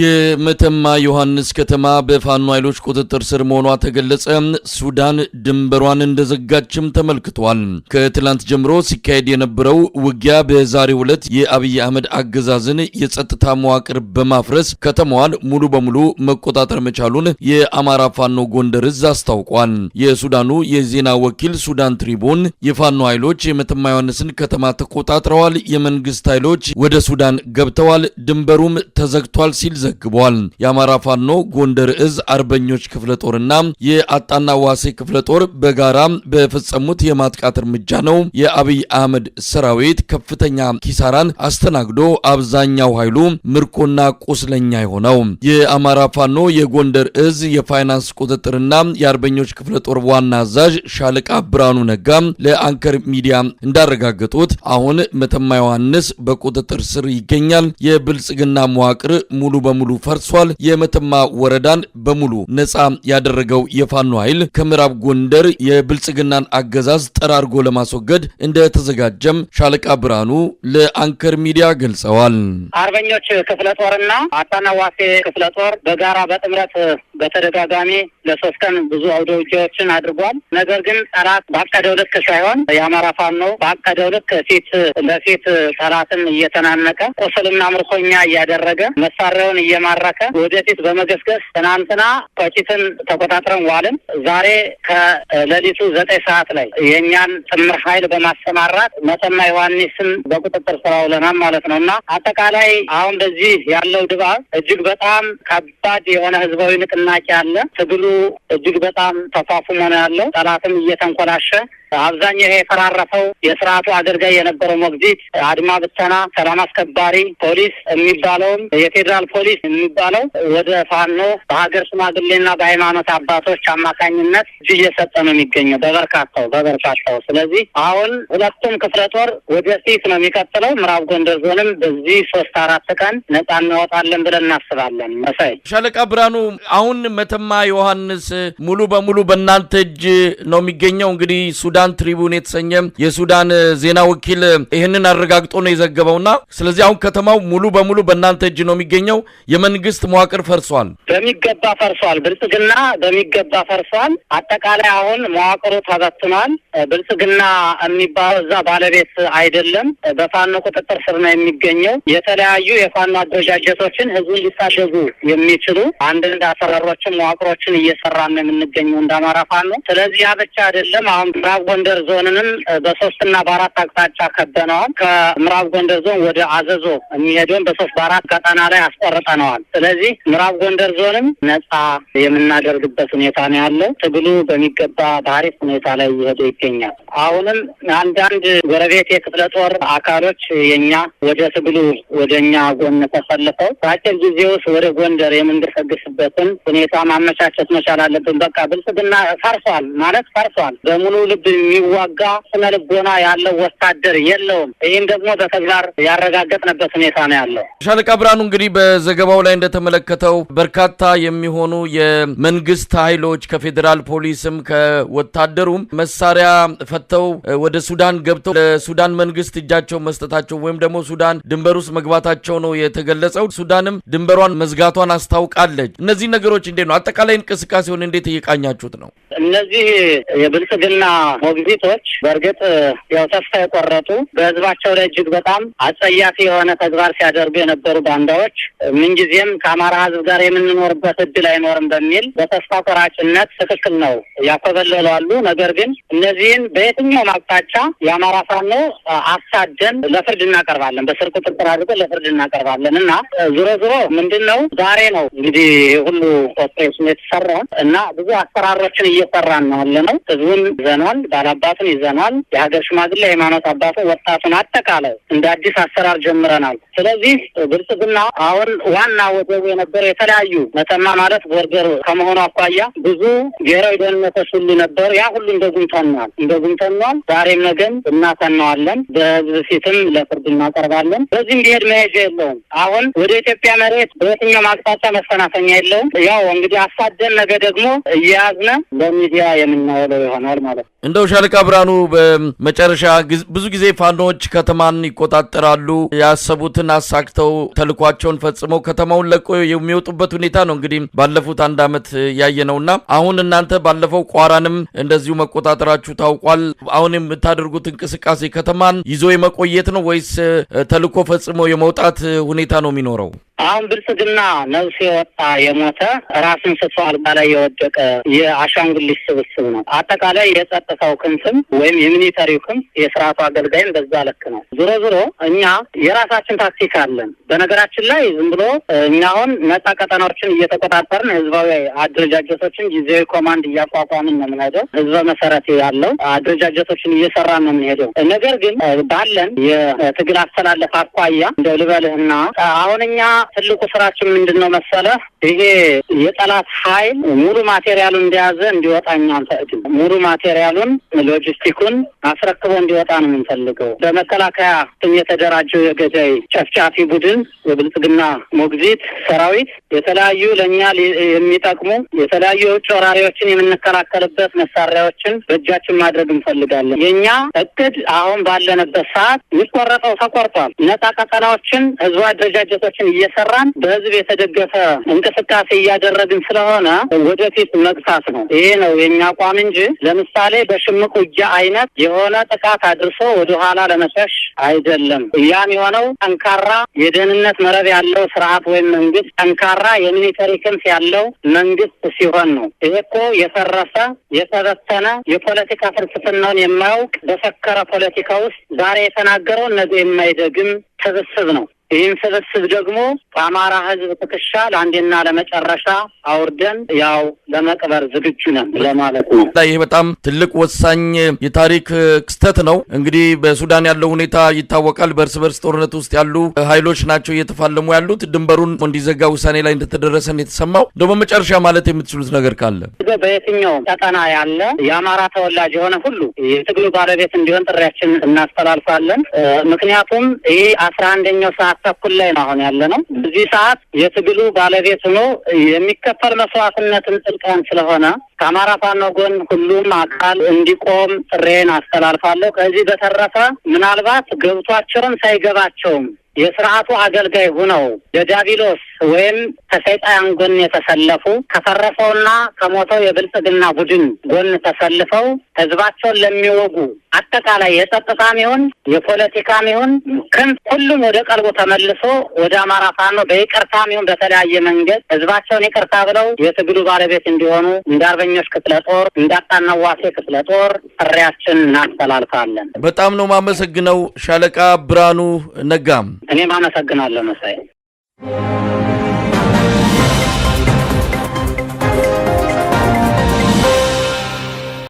የመተማ ዮሐንስ ከተማ በፋኖ ኃይሎች ቁጥጥር ስር መሆኗ ተገለጸ። ሱዳን ድንበሯን እንደዘጋችም ተመልክቷል። ከትላንት ጀምሮ ሲካሄድ የነበረው ውጊያ በዛሬ ዕለት የአብይ አህመድ አገዛዝን የጸጥታ መዋቅር በማፍረስ ከተማዋን ሙሉ በሙሉ መቆጣጠር መቻሉን የአማራ ፋኖ ጎንደር እዝ አስታውቋል። የሱዳኑ የዜና ወኪል ሱዳን ትሪቡን የፋኖ ኃይሎች የመተማ ዮሐንስን ከተማ ተቆጣጥረዋል፣ የመንግስት ኃይሎች ወደ ሱዳን ገብተዋል፣ ድንበሩም ተዘግቷል ሲል ዘግቧል። የአማራ ፋኖ ጎንደር እዝ አርበኞች ክፍለ ጦርና የአጣና ዋሴ ክፍለ ጦር በጋራ በፈጸሙት የማጥቃት እርምጃ ነው የአብይ አህመድ ሰራዊት ከፍተኛ ኪሳራን አስተናግዶ አብዛኛው ኃይሉ ምርኮና ቁስለኛ የሆነው። የአማራ ፋኖ የጎንደር እዝ የፋይናንስ ቁጥጥርና የአርበኞች ክፍለ ጦር ዋና አዛዥ ሻለቃ ብርሃኑ ነጋ ለአንከር ሚዲያ እንዳረጋገጡት አሁን መተማ ዮሐንስ በቁጥጥር ስር ይገኛል። የብልጽግና መዋቅር ሙሉ በ በሙሉ ፈርሷል። የመተማ ወረዳን በሙሉ ነጻ ያደረገው የፋኖ ኃይል ከምዕራብ ጎንደር የብልጽግናን አገዛዝ ጠራርጎ ለማስወገድ እንደተዘጋጀም ሻለቃ ብርሃኑ ለአንከር ሚዲያ ገልጸዋል። አርበኞች ክፍለ ጦርና አጣናዋሴ ክፍለ ጦር በጋራ በጥምረት በተደጋጋሚ ለሶስት ቀን ብዙ አውደ ውጊያዎችን አድርጓል። ነገር ግን ጠላት ባቀደው ልክ ሳይሆን የአማራ ፋኖ ባቀደው ልክ ፊት ለፊት ጠላትን እየተናነቀ ቁስልና ምርኮኛ እያደረገ መሳሪያውን እየማረከ ወደፊት በመገስገስ ትናንትና ቆጭትን ተቆጣጥረን ዋልን። ዛሬ ከሌሊቱ ዘጠኝ ሰዓት ላይ የእኛን ጥምር ኃይል በማሰማራት መተማ ዮሐንስን በቁጥጥር ስር አውለናል ማለት ነው እና አጠቃላይ አሁን በዚህ ያለው ድባብ እጅግ በጣም ከባድ የሆነ ህዝባዊ ንቅናቄ አለ። ትግሉ እጅግ በጣም ተፋፉሞ ነው ያለው። ጠላትም እየተንኮላሸ አብዛኛው የፈራረፈው የስርዓቱ አድርጋይ የነበረው ሞግዚት፣ አድማ ብተና፣ ሰላም አስከባሪ ፖሊስ የሚባለውም የፌዴራል ፖሊስ የሚባለው ወደ ፋኖ በሀገር ሽማግሌና በሃይማኖት አባቶች አማካኝነት እጅ እየሰጠ ነው የሚገኘው በበርካታው በበርካታው። ስለዚህ አሁን ሁለቱም ክፍለ ጦር ወደፊት ነው የሚቀጥለው። ምዕራብ ጎንደር ዞንም በዚህ ሶስት አራት ቀን ነጻ እናወጣለን ብለን እናስባለን። መሳይ ሻለቃ ብርሃኑ፣ አሁን መተማ ዮሐንስ ሙሉ በሙሉ በእናንተ እጅ ነው የሚገኘው እንግዲህ ሱዳን ሱዳን ትሪቡን የተሰኘ የሱዳን ዜና ወኪል ይህንን አረጋግጦ ነው የዘገበውና ስለዚህ አሁን ከተማው ሙሉ በሙሉ በእናንተ እጅ ነው የሚገኘው። የመንግስት መዋቅር ፈርሷል፣ በሚገባ ፈርሷል። ብልጽግና በሚገባ ፈርሷል። አጠቃላይ አሁን መዋቅሩ ተበትኗል። ብልጽግና የሚባለው እዛ ባለቤት አይደለም። በፋኖ ቁጥጥር ስር ነው የሚገኘው። የተለያዩ የፋኖ አደረጃጀቶችን ህዝቡን ሊታደጉ የሚችሉ አንዳንድ አሰራሮችን መዋቅሮችን እየሰራ ነው የምንገኘው እንደ አማራ ፋኖ። ስለዚህ ያ ብቻ አይደለም አሁን ጎንደር ዞንንም በሶስትና በአራት አቅጣጫ ከበነዋል። ከምዕራብ ጎንደር ዞን ወደ አዘዞ የሚሄደውን በሶስት በአራት ቀጠና ላይ አስቆርጠነዋል። ስለዚህ ምዕራብ ጎንደር ዞንም ነጻ የምናደርግበት ሁኔታ ነው ያለው። ትግሉ በሚገባ በአሪፍ ሁኔታ ላይ እየሄደ ይገኛል። አሁንም አንዳንድ ጎረቤት የክፍለ ጦር አካሎች የኛ ወደ ትግሉ ወደ እኛ ጎን ተሰልፈው በአጭር ጊዜ ውስጥ ወደ ጎንደር የምንገሰግስበትን ሁኔታ ማመቻቸት መቻል አለብን። በቃ ብልጽግና ፈርሷል ማለት ፈርሷል በሙሉ ልብ የሚዋጋ ስነ ልቦና ያለው ወታደር የለውም። ይህም ደግሞ በተግባር ያረጋገጥንበት ሁኔታ ነው ያለው። ሻለቃ ብርሃኑ እንግዲህ በዘገባው ላይ እንደተመለከተው በርካታ የሚሆኑ የመንግስት ኃይሎች ከፌዴራል ፖሊስም ከወታደሩም መሳሪያ ፈተው ወደ ሱዳን ገብተው ለሱዳን መንግስት እጃቸው መስጠታቸው ወይም ደግሞ ሱዳን ድንበር ውስጥ መግባታቸው ነው የተገለጸው። ሱዳንም ድንበሯን መዝጋቷን አስታውቃለች። እነዚህ ነገሮች እንዴት ነው አጠቃላይ እንቅስቃሴውን እንዴት እየቃኛችሁት ነው? እነዚህ የብልጽግና ሞግዚቶች በእርግጥ ያው ተስፋ የቆረጡ በህዝባቸው ላይ እጅግ በጣም አጸያፊ የሆነ ተግባር ሲያደርጉ የነበሩ ባንዳዎች ምንጊዜም ከአማራ ህዝብ ጋር የምንኖርበት እድል አይኖርም በሚል በተስፋ ቆራጭነት ትክክል ነው ያኮበለሏሉ። ነገር ግን እነዚህን በየትኛውም አቅጣጫ የአማራ ፋኖ አሳደን ለፍርድ እናቀርባለን፣ በስር ቁጥጥር አድርገን ለፍርድ እናቀርባለን እና ዞሮ ዞሮ ምንድን ነው ዛሬ ነው እንግዲህ ሁሉ ኦፕሬሽን የተሰራ እና ብዙ አሰራሮችን እየሰራን ነው ያለ ነው። ህዝቡን ይዘናል። የባህል አባትን ይዘናል። የሀገር ሽማግሌ፣ ሃይማኖት አባትን፣ ወጣቱን አጠቃላይ እንደ አዲስ አሰራር ጀምረናል። ስለዚህ ብልጽግና አሁን ዋና ወደቡ የነበረ የተለያዩ መተማ ማለት ቦርደር ከመሆኑ አኳያ ብዙ ብሔራዊ ደህንነቶች ሁሉ ነበር። ያ ሁሉ እንደ ጉምተናል እንደ ጉምተናል። ዛሬም ነገን እናሰናዋለን። በህዝብ ፊትም ለፍርድ እናቀርባለን። በዚህም ብሄድ መሄጃ የለውም። አሁን ወደ ኢትዮጵያ መሬት በየትኛው ማቅጣጫ መፈናፈኛ የለውም። ያው እንግዲህ አሳደን ነገ ደግሞ እየያዝነ ለሚዲያ የምናውለው ይሆናል ማለት ነው። ነው ሻለቃ ብርሃኑ፣ በመጨረሻ ብዙ ጊዜ ፋኖዎች ከተማን ይቆጣጠራሉ። ያሰቡትን አሳክተው ተልኳቸውን ፈጽመው ከተማውን ለቆ የሚወጡበት ሁኔታ ነው እንግዲህ ባለፉት አንድ ዓመት ያየ ነውና አሁን እናንተ ባለፈው ቋራንም እንደዚሁ መቆጣጠራችሁ ታውቋል። አሁን የምታደርጉት እንቅስቃሴ ከተማን ይዞ የመቆየት ነው ወይስ ተልኮ ፈጽሞ የመውጣት ሁኔታ ነው የሚኖረው? አሁን ብልጽግና ነፍስ የወጣ የሞተ ራስን ስቶ አልጋ ላይ የወደቀ የአሻንጉሊት ስብስብ ነው። አጠቃላይ የጸጥታው የአለቃው ክንፍም ወይም የሚኒተሪው ክንፍ የስርዓቱ አገልጋይም በዛ ልክ ነው። ዞሮ ዞሮ እኛ የራሳችን ታክቲክ አለን። በነገራችን ላይ ዝም ብሎ እኛ አሁን ነጻ ቀጠናዎችን እየተቆጣጠርን ህዝባዊ አደረጃጀቶችን ጊዜያዊ ኮማንድ እያቋቋምን ነው የምንሄደው። ህዝበ መሰረት ያለው አደረጃጀቶችን እየሰራን ነው የምንሄደው። ነገር ግን ባለን የትግል አስተላለፍ አኳያ እንደው ልበልህና አሁን እኛ ትልቁ ስራችን ምንድን ነው መሰለህ? ይሄ የጠላት ኃይል ሙሉ ማቴሪያሉን እንደያዘ እንዲወጣ እኛ አንፈቅድም። ሙሉ ማቴሪያሉን ሎጂስቲኩን አስረክቦ እንዲወጣ ነው የምንፈልገው። በመከላከያ ስም የተደራጀው የገዳይ ጨፍጫፊ ቡድን የብልጽግና ሞግዚት ሰራዊት የተለያዩ ለእኛ የሚጠቅሙ የተለያዩ የውጭ ወራሪዎችን የምንከላከልበት መሳሪያዎችን በእጃችን ማድረግ እንፈልጋለን። የእኛ እቅድ አሁን ባለንበት ሰዓት የሚቆረጠው ተቆርጧል። ነጻ ቀጠናዎችን ህዝቡ አደረጃጀቶችን እየሰራን በህዝብ የተደገፈ እንቅስቃሴ እያደረግን ስለሆነ ወደፊት መግፋት ነው። ይሄ ነው የእኛ አቋም እንጂ ለምሳሌ በሽ የሽምቅ ውጊያ አይነት የሆነ ጥቃት አድርሶ ወደኋላ ለመሸሽ አይደለም። ያም የሆነው ጠንካራ የደህንነት መረብ ያለው ስርዓት ወይም መንግስት፣ ጠንካራ የሚሊተሪ ክንፍ ያለው መንግስት ሲሆን ነው። ይህ እኮ የፈረሰ የተበተነ የፖለቲካ ፍልስፍናውን የማያውቅ በሰከረ ፖለቲካ ውስጥ ዛሬ የተናገረው ነገ የማይደግም ስብስብ ነው። ይህን ስብስብ ደግሞ ከአማራ ህዝብ ትከሻ ለአንዴና ለመጨረሻ አውርደን ያው ለመቅበር ዝግጁ ነን ለማለት ነው። ይህ በጣም ትልቅ ወሳኝ የታሪክ ክስተት ነው። እንግዲህ በሱዳን ያለው ሁኔታ ይታወቃል። በእርስ በርስ ጦርነት ውስጥ ያሉ ኃይሎች ናቸው እየተፋለሙ ያሉት። ድንበሩን እንዲዘጋ ውሳኔ ላይ እንደተደረሰን የተሰማው ደግሞ መጨረሻ ማለት የምትችሉት ነገር ካለ በየትኛው ቀጠና ያለ የአማራ ተወላጅ የሆነ ሁሉ የትግሉ ባለቤት እንዲሆን ጥሪያችን እናስተላልፋለን። ምክንያቱም ይህ አስራ አንደኛው ሰዓት ተኩል ላይ ነው አሁን ያለ ነው። በዚህ ሰዓት የትግሉ ባለቤት ሆኖ የሚከፈል መስዋዕትነትን ጥልቀን ስለሆነ ከአማራ ፋኖ ጎን ሁሉም አካል እንዲቆም ጥሬን አስተላልፋለሁ። ከዚህ በተረፈ ምናልባት ገብቷቸውም ሳይገባቸውም የስርዓቱ አገልጋይ ሆነው የዳቢሎስ ወይም ከሰይጣን ጎን የተሰለፉ ከፈረሰውና ከሞተው የብልጽግና ቡድን ጎን ተሰልፈው ህዝባቸውን ለሚወጉ አጠቃላይ የጸጥታም ይሁን የፖለቲካም ይሁን ክንፍ ሁሉም ወደ ቀልቡ ተመልሶ ወደ አማራ ፋኖ በይቅርታም ይሁን በተለያየ መንገድ ህዝባቸውን ይቅርታ ብለው የትግሉ ባለቤት እንዲሆኑ እንደ አርበኞች ክፍለ ጦር እንደ አጣናዋሴ ክፍለ ጦር ጥሪያችን እናስተላልፋለን። በጣም ነው ማመሰግነው ሻለቃ ብርሃኑ ነጋም። እኔም አመሰግናለሁ መሳይ። Thank you.